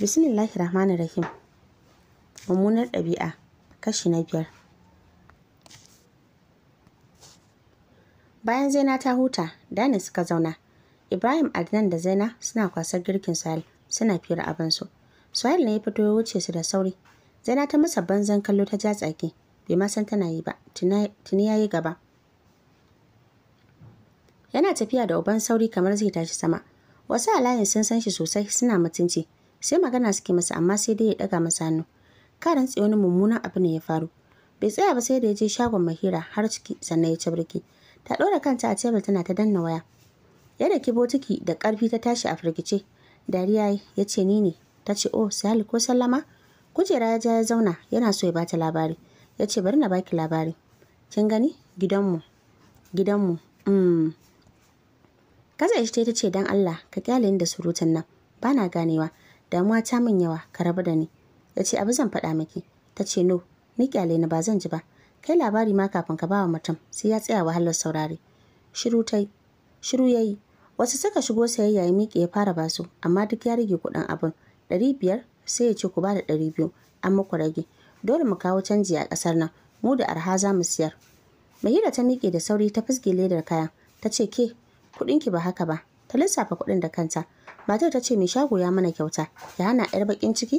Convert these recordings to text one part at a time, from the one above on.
Bismillahi Rahmanir Rahim. Mummunar ɗabi'a kashi na biyar. Bayan Zaina ta huta, Dani suka zauna. Ibrahim Adnan da Zaina suna kwasar girkin Sahil, suna fira abinsu. Sahil ne ya fito ya wuce su da sauri. Zaina ta masa banzan kallo ta ja tsaki, bai ma san tana yi ba, tuni ya yi gaba. Yana tafiya da uban sauri kamar zai tashi sama. Wasu alayin sun san shi sosai suna mutunci. sai magana suke masa amma sai dai ya daga masa hannu karan tsaye wani mummunan abu ne ya faru bai tsaya ba sai da ya je shagon mahira har ciki sannan ya ci birki ta ɗora kanta a tebur tana ta danna waya ya daki botiki da ƙarfi ta tashi a firgice dariya ya ce ni ne ta ce oh sai ko sallama kujera ya ja ya zauna yana so ya bata labari ya ce bari na baki labari kin gani gidanmu gidanmu mm. kaza ta ce dan allah ka kyale da surutun nan bana ganewa damuwa ta min yawa ka rabu da ni ya ce abu zan faɗa miki ta ce no ni kyale ni ba zan ji ba kai labari ma kafin ka bawa mutum sai ya tsaya wahalar saurare shiru tai shiru yayi wasu suka shigo sayayya ya miƙe ya fara basu amma duk ya rage kuɗin abin ɗari biyar sai ya ce ku ba da ɗari biyu an muku rage dole mu kawo canji a ƙasar nan mu da arha za mu siyar mahira ta miƙe da sauri ta fisge ledar kayan ta ce ke kuɗinki ba haka ba ta lissafa kuɗin da kanta matar ta ce mai shago ya mana kyauta ya hana yar bakin ciki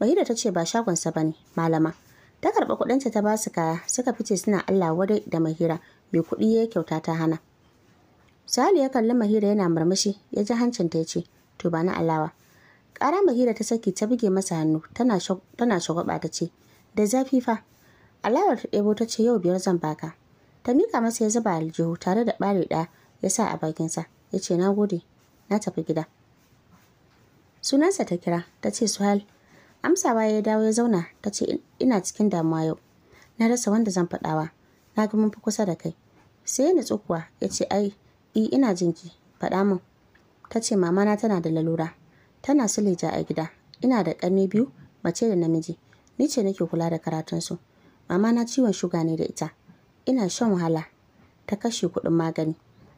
bahira ta ce ba shagonsa ba ne malama ta karba kuɗinta ta ba su kaya suka fice suna allah wadai da mahira mai kuɗi ya kyauta ta hana Sali ya kalli Mahira yana murmushi ya ji hancin ta ya ce, To ba na alawa. Ƙara Mahira ta saki ta buge masa hannu tana shagwaba ta ce, Da zafi fa. Alawar ta ɗebo ta ce yau biyar zan baka. Ta mika masa ya zuba aljihu tare da ɓare ɗaya ya sa a bakinsa ya ce na gode na tafi gida. sunansa ta kira ta ce hal. amsawa ya dawo ya zauna ta ce ina cikin damuwa yau na rasa wanda zan faɗawa na ga mun fi kusa da kai sai ya nutsu kuwa ya ce ai i ina jinki faɗa min ta ce mama tana da lalura tana suleja a gida ina da ƙarni biyu mace da namiji ni ce nake kula da karatunsu mama na ciwon shuga ne da ita ina shan wahala ta kashe kuɗin magani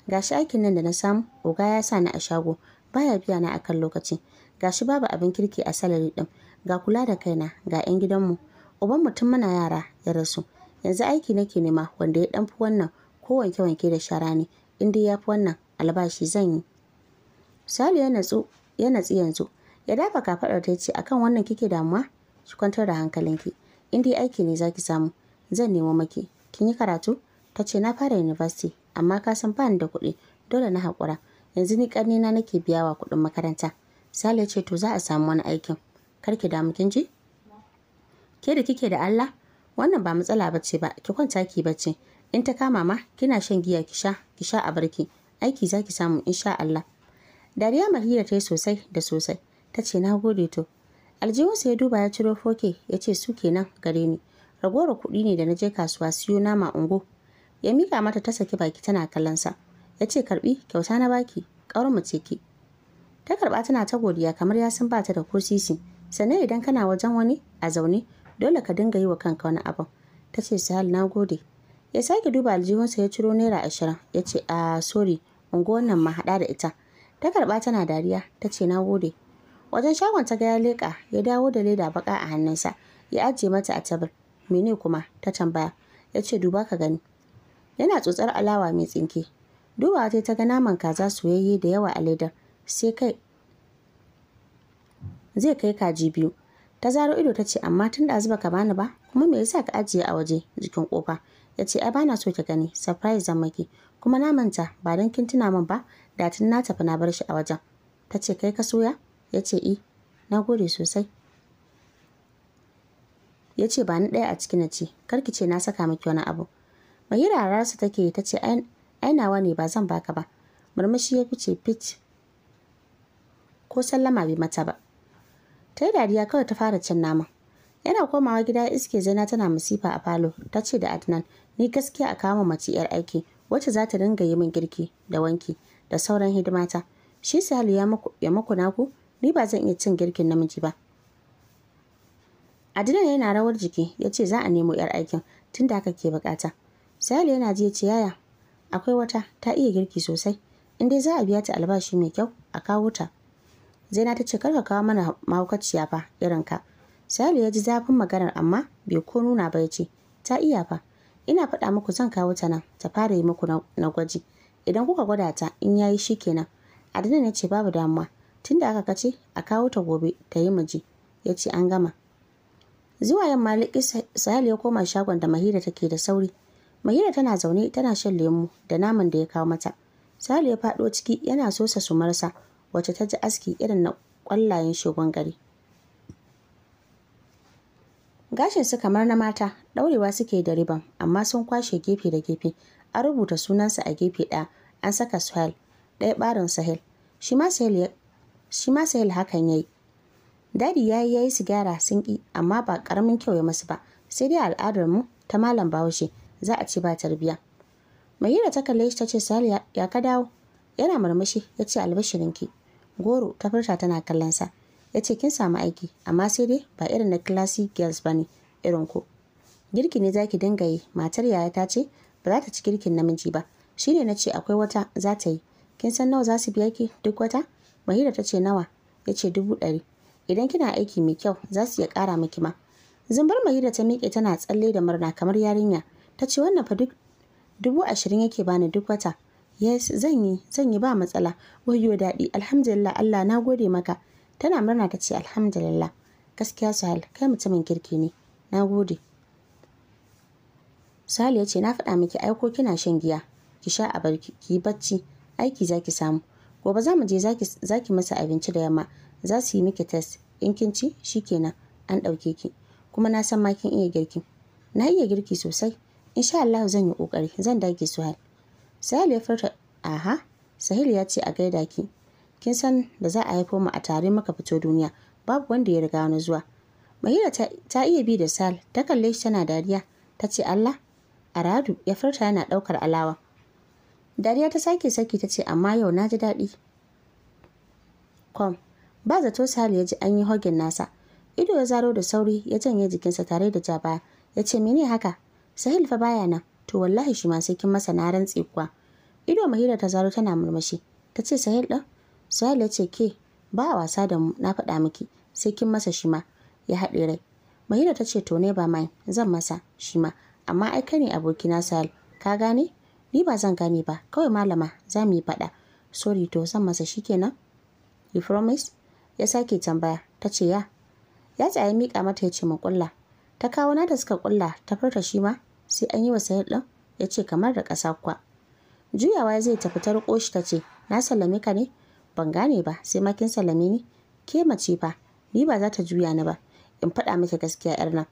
gashi aikin nan da na samu oga ya sa ni a shago baya biya na akan lokaci gashi babu abin kirki a salari ɗin ga kula da kaina ga 'yan gidanmu uban mutum muna yara ya rasu yanzu aiki nake nema wanda ya ɗanfi wannan ko wanke-wanke da shara ne in dai ya fi wannan albashi zan yi salu ya natsu ya natsu yanzu ya dafa kafaɗar ta ce akan wannan kike damuwa ki kwantar da hankalinki in dai aiki ne zaki samu zan nemo maki kin yi karatu ta ce na fara university amma ka san bani da kuɗi dole na haƙura yanzu ni na nake biyawa kuɗin makaranta Sale ce to za a samu wani aikin. Kar ki damu kin ji? Ke da kike da Allah? Wannan ba matsala bace ba, ki kwanta ki bace. In ta kama ma kina shan giya ki sha, ki sha a barki. Aiki za ki samu insha Allah. Dariya Mahira ta yi sosai da sosai. Ta ce na gode to. Aljihunsa ya duba ya ciro foke ya ce su kenan gare ni. Ragowar kuɗi ne da na je kasuwa siyo nama ungo. Ya mika mata ta saki baki tana kallonsa. Ya ce karɓi kyauta na baki, ƙaurin mu ce ki. ta karba tana ta godiya kamar ya san bata da ko sisi sannan idan kana wajen wani a zaune dole ka dinga yi wa kanka wani abu." ta ce sahal na gode ya sake duba aljihunsa ya ciro naira ashirin ya ce a sorry ungo wannan ma haɗa da ita ta karba tana dariya ta ce na gode wajen shagon ta ga ya leƙa ya dawo da leda baka a hannunsa ya ajiye mata a tabar mene kuma ta tambaya ya ce duba ka gani yana tsotsar alawa mai tsinke dubawa ta ga naman kaza soyayye da yawa a ledar sai kai zai kai kaji biyu ta zaro ido ta ce amma tun da zuba ka bani ba kuma me yasa ka ajiye a waje jikin kofa ya ce ai bana so ki gani surprise zan maki kuma na manta ba dan kin tuna min ba da tun na tafi na bar shi a wajen ta ce kai ka soya ya ce i eh, na gode sosai ya ce ba ni ɗaya a ciki na ce ki ce na saka miki wani abu mai rararsa take ta ce ai nawa ne ba zan baka ba murmushi ya fice fit ko sallama bai mata ba ta yi dariya kawai ta fara cin nama. yana komawa gida iske zaina tana masifa a falo ta ce da adnan ni gaskiya a kama mace yar aiki wacce za ta dinga yi min girki da wanki da sauran hidimata shi sahalu ya maku ku ni ba zan iya cin girkin namiji ba adnan yana rawar jiki ya ce za a nemo yar aikin tun da aka ke bukata sahalu yana ji ya ce yaya akwai wata ta iya girki sosai in dai za a biya ta albashi mai kyau a kawo ta zaina ta ce kar ka kawo mana mahaukaciya fa irin ka salihu ya ji zafin maganar amma bai ko nuna ba ya ce ta iya fa ina faɗa muku zan kawo ta nan ta fara yi muku na gwaji idan kuka gwada ta in yayi shi kenan adana ya ce babu damuwa tunda aka kace a kawo ta gobe ta yi miji ya ce an gama zuwa yamma liƙi sahel ya koma shagon da mahira take da sauri mahira tana zaune tana shan lemu da naman da ya kawo mata sahel ya faɗo ciki yana sosa sumarsa wacce ta ji aski irin na ƙwallayen shogon gari gashin su kamar na mata ɗaurewa suke da riban amma sun kwashe gefe da gefe an rubuta sunansa a gefe ɗaya an saka Sahel ɗaya ɓarin sahel shi ma sahil hakan ya yi dadi ya yi ya yi sigara sun ƙi amma ba ƙaramin kyau ya masu ba sai dai al'adar mu ta malam bahaushe za a ci ba tarbiya mahira ta kalle shi ta ce Sahel ya ka dawo yana murmushi ya ce albashirinki goro ta furta tana kallon sa ya ce kin samu aiki amma sai dai ba irin na classic girls ba ne irin ku girki ne za ki dinga yi matar yaya ta ce ba za ta ci girkin namiji ba shi ne na ce akwai wata za ta yi kin san nawa za su biya ki duk wata mahira ta ce nawa ya ce dubu ɗari idan kina aiki mai kyau za su iya kara miki ma zumbar mahira ta miƙe tana tsalle da murna kamar yarinya ta ce wannan fa duk dubu ashirin yake bani duk wata yes zan yi zan yi ba matsala wayo daɗi alhamdulillah Allah na gode maka tana murna ta ce alhamdulillah gaskiya Sahal kai mutumin kirki ne na gode Sahal ya ce na faɗa miki aiko kina shan giya ki sha a barki ki bacci aiki zaki samu gobe za mu je zaki masa abinci da yamma za su yi miki test in kin ci kenan an ɗauke ki kuma na san ma kin iya girki na iya girki sosai insha Allah zan yi ƙoƙari zan dage su hal Sahil ya furta aha Sahil ya ce a gaida ki kin san da za a haifo mu a tare muka fito duniya babu wanda ya riga wani zuwa Mahira ta, iya bi da Sal ta kalle shi tana dariya ta ce Allah Aradu ya furta yana ɗaukar alawa Dariya ta sake saki ta ce amma yau na ji daɗi Kom ba zato Sal ya ji an yi hogin nasa ido ya zaro da sauri ya janye jikinsa tare da jaba ya ce mene haka Sahil fa baya nan to wallahi shi ma sai kin masa na rantse kuwa ido mahira ta zaro tana murmushi ta ce sahil ɗin sahil ya ce ke ba a wasa da mu na faɗa miki sai kin masa shi ma ya haɗe rai mahira ta ce to ne ba mai zan masa shi ma amma ai kai ne abokina sahil ka gane ni ba zan gane ba kawai malama za mu yi faɗa sorry to zan masa shi kenan you promise ya sake tambaya ta ce ya ya tsaye miƙa mata ya ce mu kulla ta kawo da suka ƙulla ta furta shi ma sai an yi wa sayar ɗin ya ce kamar da ƙasa kuwa juyawa zai tafi ta riƙo shi ta ce na sallame ka ne ban gane ba sai ma kin sallame ni ke mace fa ni ba za ta juya ni ba in faɗa miki gaskiya yar nan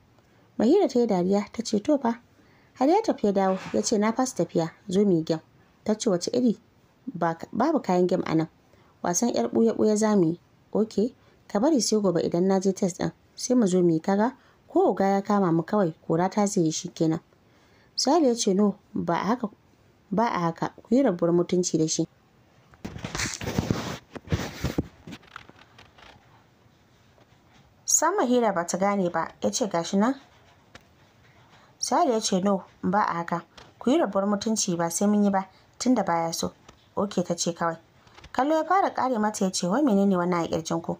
mahira ta yi dariya ta ce to fa har ya tafi ya dawo ya ce na fasa tafiya zo mu yi gem ta ce wace iri babu kayan gem a nan wasan yar ɓuya ɓuya za mu yi ok ka bari sai gobe idan na je test ɗin sai mu zo mu yi kaga ko oga ya kama mu kawai kora ta zai yi shi kenan Sale ya ce no ba a haka ba a haka ku yi rabuwar mutunci da shi. Sama hira ba ta gane ba ya ce gashi nan. Sale ya ce no ba a haka ku yi rabuwar mutunci ba sai mun yi ba tun da baya so. Oke ta ce kawai. Kallo ya fara kare mata ya ce wai menene wannan a kirjin ku?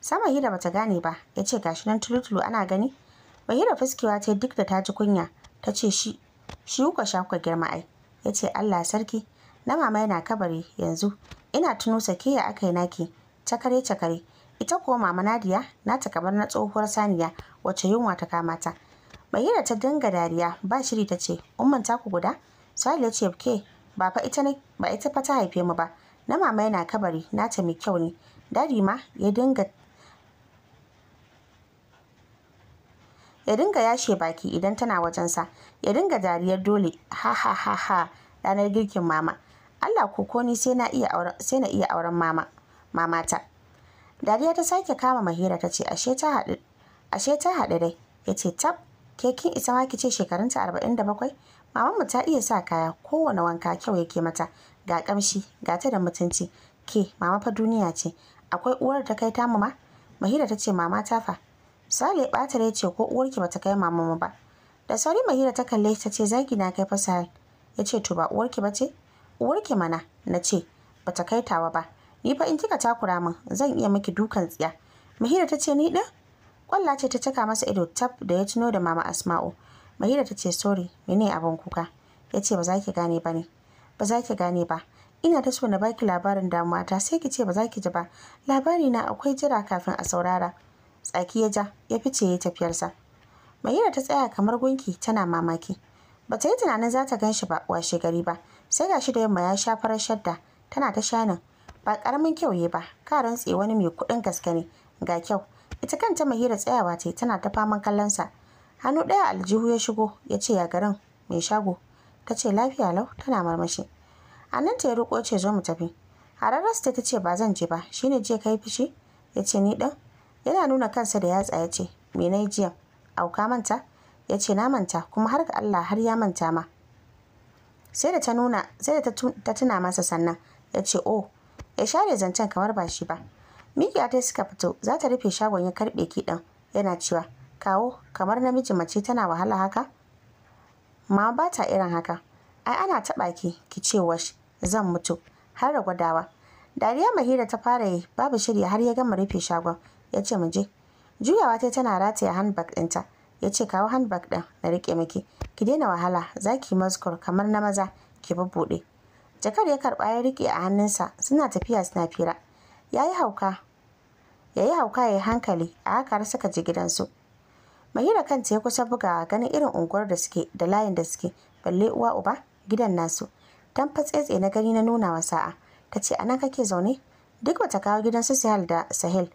Sama hira ba ta gane ba ya ce gashi nan tulutulu ana gani. Bahira fuskewa ta duk da ta ji kunya ta ce shi shi kuwa sha kuwa girma ai yace allah sarki na mama yana kabari yanzu ina tuno sakiya aka yi naki takare takare ita kuwa mama nadiya na ta kamar na tsohuwar saniya wacce yunwa ta kama ta bayyana ta dinga dariya ba shiri ta ce umman ku guda sai ya ce ke ba fa ita ne ba ita fa ta haife mu ba na mama yana kabari nata mai kyau ne dadi ma ya dinga ya dinga yashe baki idan tana wajen sa ya dinga dariyar dole ha ha ha ha ranar girkin mama Allah ko ko ni sai na iya auren mama mamata dariya ta sake kama mahira ta ce ashe ta haɗu dai ya ce tab kekin isa ma ki ce shekarunta arba'in da bakwai mamanmu ta iya sa kaya kowane wanka kyau yake mata ga ƙamshi ga ta da mutunci ke mama fa duniya ce akwai uwar ta kai tamu ma mahira ta ce mama ta fa Sale ɓata ne ce ko uwarki bata kai mama ba. Da sauri Mahira ta kalle ta ce zagi na kai fasa Ya ce to ba uwarki ba ce? Uwarki mana na ce bata kai tawa ba. Ni fa in kika takura min zan iya miki dukan tsiya. Mahira ta ce ni din? Kwalla ce ta caka masa ido tab da ya tuno da mama Asma'u. Mahira ta ce sorry mene abin kuka? Ya ce ba za ki gane ba ne. Ba za ki gane ba. ina ta so na baki labarin damuwa ta sai ki ce ba za ki ji ba labari na akwai jira kafin a saurara tsaki ya ja ya fice ya tafiyarsa mahira ta tsaya kamar gunki tana mamaki ba ta yi tunanin za ta gan shi ba washe gari ba sai gashi da yamma ya sha farar shadda tana ta shanin ba karamin kyau ya ba ka rantse wani mai kuɗin gaske ne ga kyau ita kanta mahira tsayawa ta tana ta faman kallon sa hannu ɗaya aljihu ya shigo ya ce ya garin mai shago ta ce lafiya lau tana marmashi a nan ta ya riko ce zo mu tafi hararrasta ta ce ba zan je ba shine je kai fishi ya ce ni ɗan yana nuna kansa da yatsa ya ce me na jiya auka manta ya ce na manta kuma har ga Allah har ya manta ma sai da ta nuna sai da ta tuna masa sannan ya ce oh ya share zancen kamar ba shi ba mikiya ta suka fito za ta rufe shagon ya karbe kiɗan yana cewa kawo kamar namiji mace tana wahala haka ma ba ta irin haka ai ana taɓa ki ki ce wash zan mutu har da gwadawa dariya mahira ta fara yi babu shirya har ya gama rufe shagon ya ce mu je juyawa ta tana rataya handbag ɗinta ya ce kawo handbag ɗin na riƙe miki ki daina wahala za ki maskur kamar na maza ki bubbuɗe jakar ya karɓa ya riƙe a hannunsa suna tafiya suna fira ya yi hauka ya yi hauka ya yi hankali a haka har suka je gidansu mahira kanta ya kusa bugawa ganin irin unguwar da suke da layin da suke balle uwa uba gidan nasu dan fatsetse na gani na nuna wa sa'a ta ce anan kake zaune duk bata kawo gidan su sahel da sahil.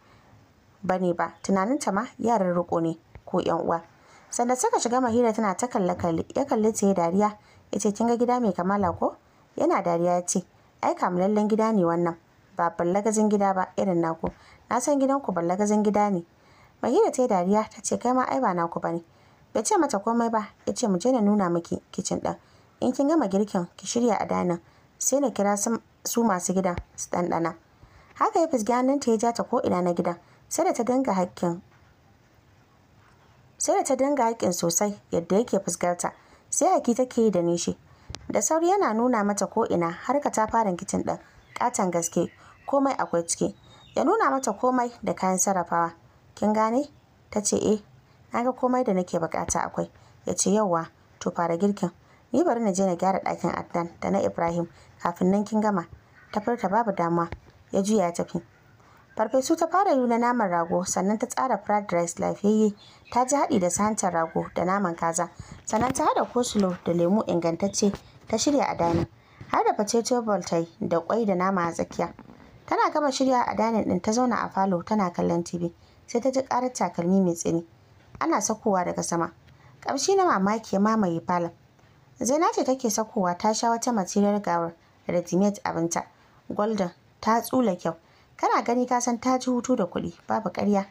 bane ba tunaninta ma yaran riko ne ko yan uwa sanda suka shiga mahira tana ta kalle kalle ya kalle ta ya dariya yace ce kin ga gida mai kamala ko yana dariya ya ce ai lallen gida ne wannan ba ballagazin gida ba irin naku na san gidanku ballagazin gida ne mahira ta yi dariya ta ce kai ma ai ba naku ba ne bai ce mata komai ba yace mu je na nuna miki kicin ɗan. in kin gama girkin ki shirya a danin sai na kira su masu gidan su ɗanɗana haka ya fisgi hannunta ya ja ta ko ina na gidan sai da ta dinga hakkin sai da ta dinga haƙƙin sosai yadda yake fuskarta sai haki take yi da nishi da sauri yana nuna mata ko'ina ina har ka ta fara kicin ɗin ƙaton gaske komai akwai ciki ya nuna mata komai da kayan sarrafawa kin gane ta ce eh na ga komai da nake bukata akwai ya ce yauwa to fara girkin ni bari na je na gyara ɗakin adnan da na ibrahim kafin nan kin gama ta furta babu damuwa ya juya ya tafi farfesu ta fara yi na naman rago sannan ta tsara fried rice lafiyayye ta ji haɗi da santar rago da naman kaza sannan ta haɗa kosulo da lemu ingantacce ta shirya a danin har da potato ball ta yi da kwai da nama a tsakiya tana gama shirya a danin ɗin ta zauna a falo tana kallon tv sai ta ji ƙarar takalmi mai tsini ana sakowa daga sama ƙamshi na mamaki ya mamaye falon zaina ce take sakowa ta sha wata material gawar da abinta golden ta tsula kyau kana gani ka san ta ji hutu da kuɗi babu ƙarya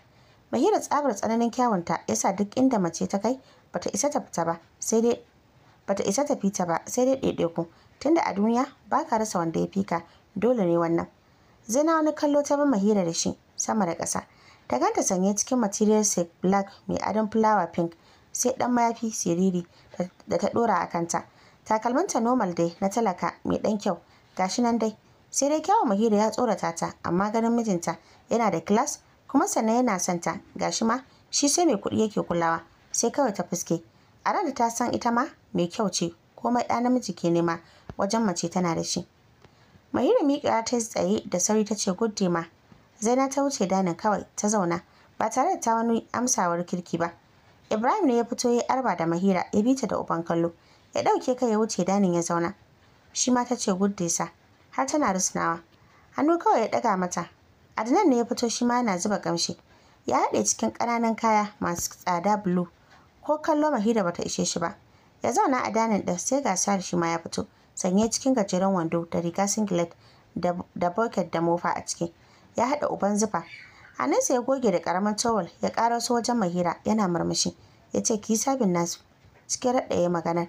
mahira tsabar tsananin kyawunta ya sa duk inda mace ta kai bata isa ta fita ba sai dai bata isa ta fita ba sai dai ɗaiɗaiku tunda a duniya ba ka rasa wanda ya fika dole ne wannan zina wani kallo ta bi hira da shi sama da ƙasa ta ganta sanye cikin material silk black mai adon flower pink sai ɗan mayafi siriri da ta ɗora a kanta takalmanta normal dai na talaka mai ɗan kyau gashi nan dai sai dai kyawun muhira ya tsorata ta amma ganin mijinta yana da kilas, kuma sannan yana son ta shi ma shi sai mai kuɗi yake kulawa sai kawai ta fuske a ran ta san ita ma mai kyau ce komai ɗa namiji ke nema wajen mace tana da shi mahira miƙa ta tsaye da sauri ta ce gudde ma zaina ta wuce danin kawai ta zauna ba tare da ta wani amsawar kirki ba ibrahim ne ya fito ya arba da mahira ya bi ta da uban kallo ya ɗauke kai ya wuce danin ya zauna shi ma ta ce gudde sa har tana rusnawa hannu kawai ya ɗaga mata adnan ne ya fito shi ma yana zuba kamshi ya haɗe cikin ƙananan kaya masu tsada bulu ko kallo mahira bata ishe shi ba ya zauna a danin ɗin sai ga sar shi ma ya fito sanye cikin gajeren wando da riga singlet da bucket da mofa a ciki ya haɗa uban zufa hannunsa ya goge da ƙaramin towel ya ƙara wasu wajen mahira yana murmushi ya ce ki sabin nasu cikin raɗaye maganar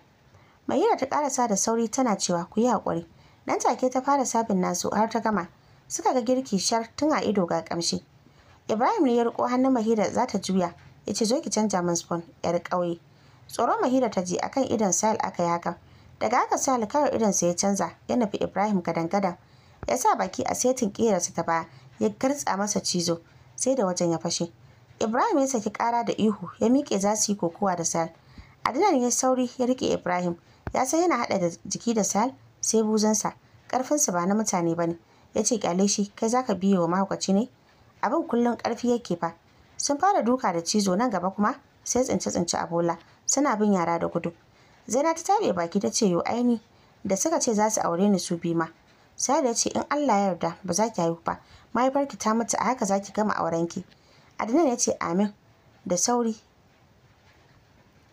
mahira ta ƙarasa da sauri tana cewa ku yi haƙuri nan take ta fara sabin nasu har ta gama suka ga girki shar tun a ido ga kamshi ibrahim ne ya riko hannun mahira za ta juya ya ce zo ki canja min spoon yar ƙauye tsoron mahira ta ji akan idon sal aka yi hakan daga haka sal kawai idon sa ya canza ya nufi ibrahim gadan gadan ya sa baki a setin ƙerarsa ta baya ya kirtsa masa cizo sai da wajen ya fashe ibrahim ya saki kara da ihu ya miƙe za su yi kokowa da a adinan ya sauri ya rike ibrahim ya san yana haɗa da jiki da sal sai buzansa ƙarfinsa ba na mutane ba ne ya ce kyale shi kai za ka biye wa mahaukaci ne abin kullum ƙarfi yake fa sun fara duka da cizo nan gaba kuma sai tsince-tsince a bola suna bin yara da gudu zaina ta tabe baki ta ce yo aini da suka ce za su aure ni su bi ma sai da ce in Allah ya yarda ba za ki haihu ba mahaifarki ta mutu a haka za ki gama aurenki Adnan ya ce amin da sauri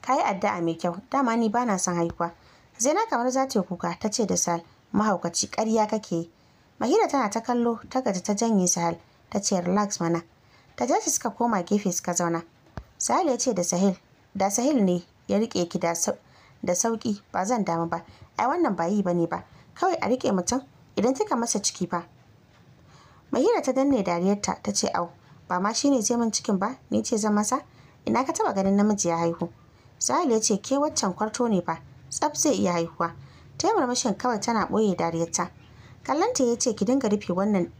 ka yi addu'a mai kyau dama ni ba na son haihuwa zaina kamar za ta yi kuka ta ce da sal mahaukaci karya kake yi. mahira tana ta kallo ta gaji ta janye sahal ta ce relax mana ta jashi suka koma gefe suka zauna sahal ya ce da sahil da sahil ne ya rike ki da sauƙi. ba zan damu ba ai wannan ba yi bane ba kawai a rike mutum idan kika masa ciki ba? mahira ta danne dariyarta ta ce au ba ma shine zai min cikin ba ni ce zan masa ina ka taba ganin namiji ya haihu sahal ya ce ke waccan kwarto ne fa tsaf zai iya haihuwa ta yi murmushin kawai tana ɓoye dariyarta kallanta ya ce ki dinga rufe wannan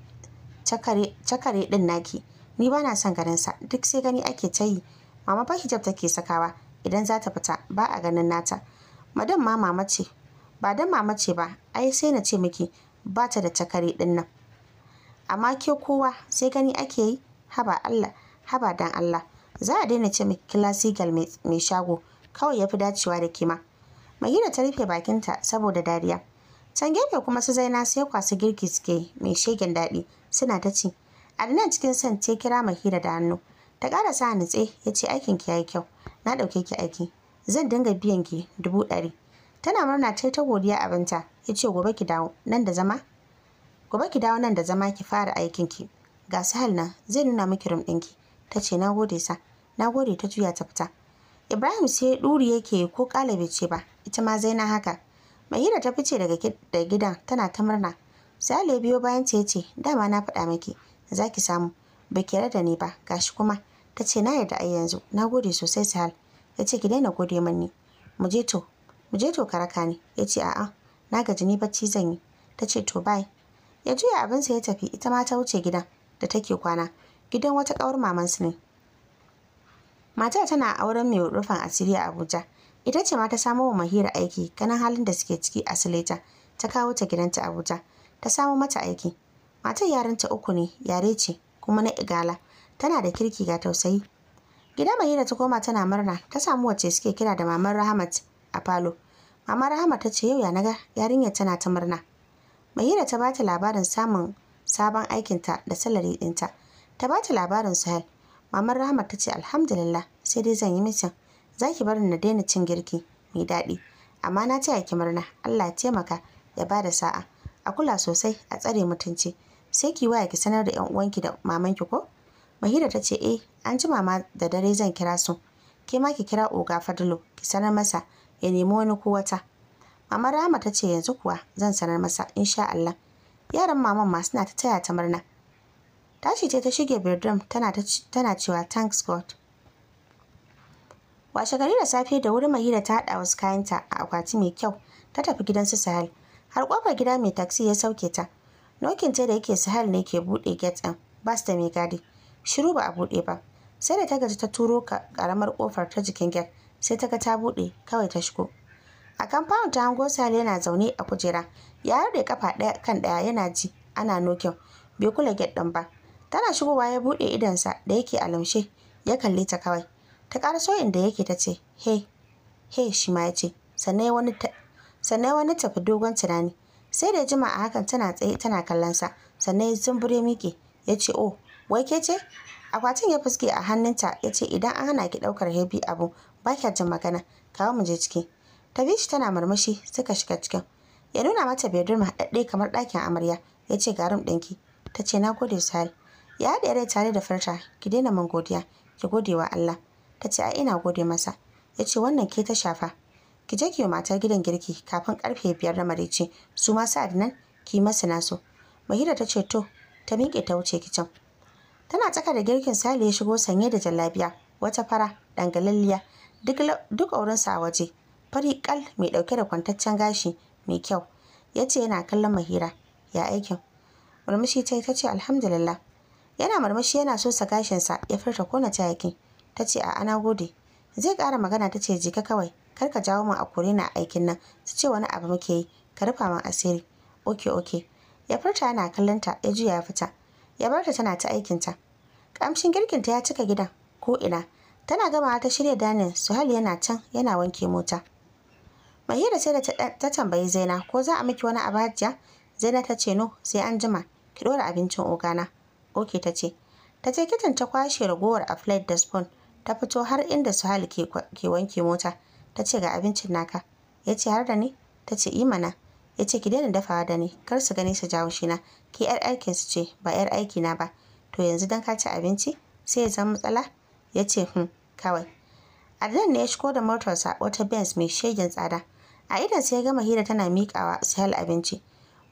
cakare ɗin naki ni ba na son ganinsa duk sai gani ake ta yi mama ba hijab take sakawa idan za ta fita ba a ganin nata madam ma mama ce ba dan mama ce ba ai sai na ce miki ba ta da cakare ɗin nan amma ke kowa sai gani ake yi haba allah haba dan allah za a daina ce miki kilasi mai shago kawai ya fi dacewa da kima Mahira ta rufe bakinta saboda dariya. Can gefe kuma su zaina sai kwasu girki suke mai shegen daɗi suna ta ci. Adnan cikin son ce kira Mahira da hannu. Ta ƙara sa nutse ya ce aikin ki ya yi kyau. Na ɗauke ki aiki. Zan dinga biyan ki dubu ɗari. Tana murna ta ta godiya abinta ya ce gobe ki dawo nan da zama. Gobe ki dawo nan da zama ki fara aikin ki. Ga sahal nan zai nuna miki rum ɗinki. Ta ce na gode sa. Na gode ta juya ta fita. Ibrahim sai ɗuri yake ko ƙalabe ce ba, ita ma zaina haka. Mahira ta fice daga gidan tana ta murna. ya biyo bayan ta yace, dama na faɗa miki, za ki samu. Ba ki da ni ba, gashi kuma. Ta ce na yarda ai yanzu, na gode sosai Sahal. Ya ce ki daina gode mani. Mu je to, mu je to karaka ne. Ya ce a'a, na gaji ni bacci zan yi. Ta ce to bai. Ya juya abinsa ya tafi, ita ma ta wuce gidan da take kwana. Gidan wata ƙawar mamansu ne. Mata tana auren mai rufin asiri a abuja ita ce ma ta samo wa mahira aiki ganin halin da suke ciki a sileta ta kawo ta gidanta abuja ta samo mata aiki matar yarinta uku ne yare ce kuma na igala tana da kirki ga tausayi gida mahira ta koma tana murna ta samu wacce suke kira da "Maman rahamat a falo mama rahama ta ce yau ya naga yarinyar tana ta murna mahira ta bata labarin samun sabon aikinta da salari ɗinta ta bata labarin sahel Mamar Rahama ta ce alhamdulillah sai dai zan yi mitin. Za ki bari na daina cin girki mai daɗi. Amma na taya ki murna Allah ya taimaka ya ba da sa'a. A kula sosai a tsare mutunci. Sai ki waya ki sanar da 'yan uwanki da mamanki ko? Mahira ta ce eh an ji mama da dare zan kira su. Ke ma ki kira Oga Fadlo ki sanar masa ya nemi wani ko wata. Mama Rahama ta ce yanzu kuwa zan sanar masa insha Allah. Yaran maman ma suna ta taya ta murna. tashi ce ta shige bedroom tana cewa thanks god washe gari da safe da wuri mai da ta haɗa wasu kayanta a akwati mai kyau ta tafi gidan su sahal har kofar gida mai taksi ya sauke ta nokin ta da yake sahal ne ke buɗe gate ɗin bas da mai gadi shiru ba a buɗe ba sai da ta gaji ta turo karamar kofar ta jikin gate sai ta ga ta buɗe kawai ta shigo a kamfanin ta hango sahal yana zaune a kujera ya haɗe kafa ɗaya kan ɗaya yana ji ana nokin bai kula gate ɗin ba tana shigowa ya buɗe sa da yake alamshe ya kalli ta kawai ta ƙara so inda yake ta ce he he shi ma ya ce sannan wani tafi dogon tunani sai da jima a hakan tana tsaye tana kallon sa sannan ya zumbure miƙe ya ce o oh, wai ke ce akwatin ya fuske a hannunta ya ce idan an hana ki ɗaukar hebi abu ba kya jin magana kawo mu je ciki ta bi shi tana murmushi suka shiga cikin ya nuna mata bedroom haɗaɗɗe kamar ɗakin amarya ya ce garin ɗinki ta ce na gode sari ya haɗe rai tare da farta ki daina man godiya ki gode wa Allah ta ce a ina gode masa ya ce wannan ke ta shafa ki je ki yi matar gidan girki kafin karfe biyar na maraice su ma sa'ad nan ki masa naso mahira ta ce to ta miƙe ta wuce kicin tana tsaka da girkin sale ya shigo sanye da jallabiya wata fara dangalalliya duk aurensa a waje fari kal mai ɗauke da kwantaccen gashi mai kyau ya ce yana kallon mahira ya aikin murmushi ta yi ta ce alhamdulillah yana marmashi yana so sa gashinsa ya furta kona ta yakin ta ce a ana gode zai ƙara magana ta ce jika kawai kar ka jawo min a kore na aikin nan su ce wani abu muke yi ka rufa min asiri oke oke ya furta yana kallon ta ya juya ya fita ya bar ta tana ta aikinta girkin ta ya cika gidan ko ina tana gama ta shirya danin suhal yana can yana wanke mota Mai mahira sai da ta tambayi zaina ko za a miki wani abu hajiya zaina ta ce no sai an jima ki ɗora abincin ogana oke ta ce ta ce kitan ta kwashe ragowar a flight da spoon ta fito har inda suhal ke wanke mota ta ce ga abincin naka ya ce har da ni ta ce imana ya ce ki daina dafawa da ni kar su gani su jawo shi na ki yar aikin su ce ba yar aiki na ba to yanzu dan ka ci abinci sai ya zama matsala ya ce hun hmm, kawai Adnan ne ya shigo da motarsa wata Benz mai shegen tsada a idan sai ya gama hira tana miƙawa Sahel abinci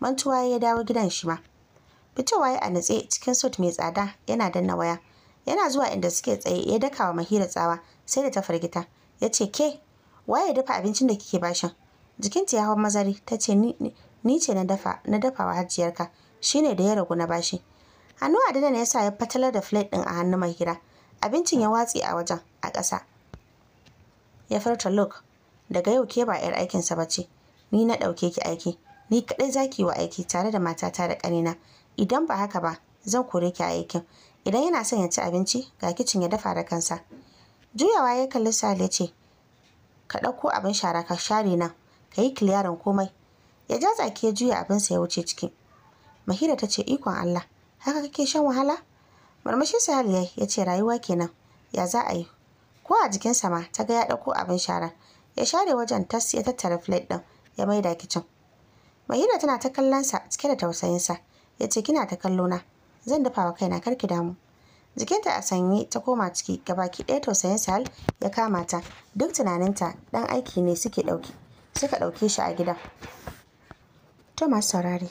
mantuwa ya dawo gidan shi ma fitowa waye a natse cikin sut mai tsada yana danna waya yana zuwa inda suke tsaye ya daka wa mahira tsawa sai da ta fargita. ya ce ke waye dafa abincin da kike bashin jikinta ya hau mazari ta ce ni ce na dafa na dafa wa hajiyarka shine da ya ragu na bashi hannu adana ne yasa ya fatalar da filet din a hannun mahira abincin ya watse a wajen a ƙasa ya furta look daga yau ke ba yar aikinsa ba ce ni na ɗauke ki aiki ni kaɗai zaki wa aiki tare da matata da ƙanina idan ba haka ba zan kore ki aikin idan yana son ya ci abinci ga kicin ya dafa da kansa juyawa ya kalli sale ya ce ka ɗauko abin shara ka share nan ka yi kiliyarin komai ya ja tsaki ya juya abinsa ya wuce ciki mahira ta ce ikon allah haka kake shan wahala marmashin sahal ya ce rayuwa kenan ya za a yi ko a jikinsa ma ta ga ya ɗauko abin shara ya share wajen tas ya tattara filet ɗin ya maida kicin mahira tana ta kallonsa cike da tausayinsa ya ce kina ta kallo na zan dafa wa kaina kar ki damu jikinta a sanyi ta koma ciki gabaki ɗaya tausayin sahal ya kama ta duk tunaninta ɗan aiki ne suke ɗauki suka ɗauke shi a gida thomas saurari saurare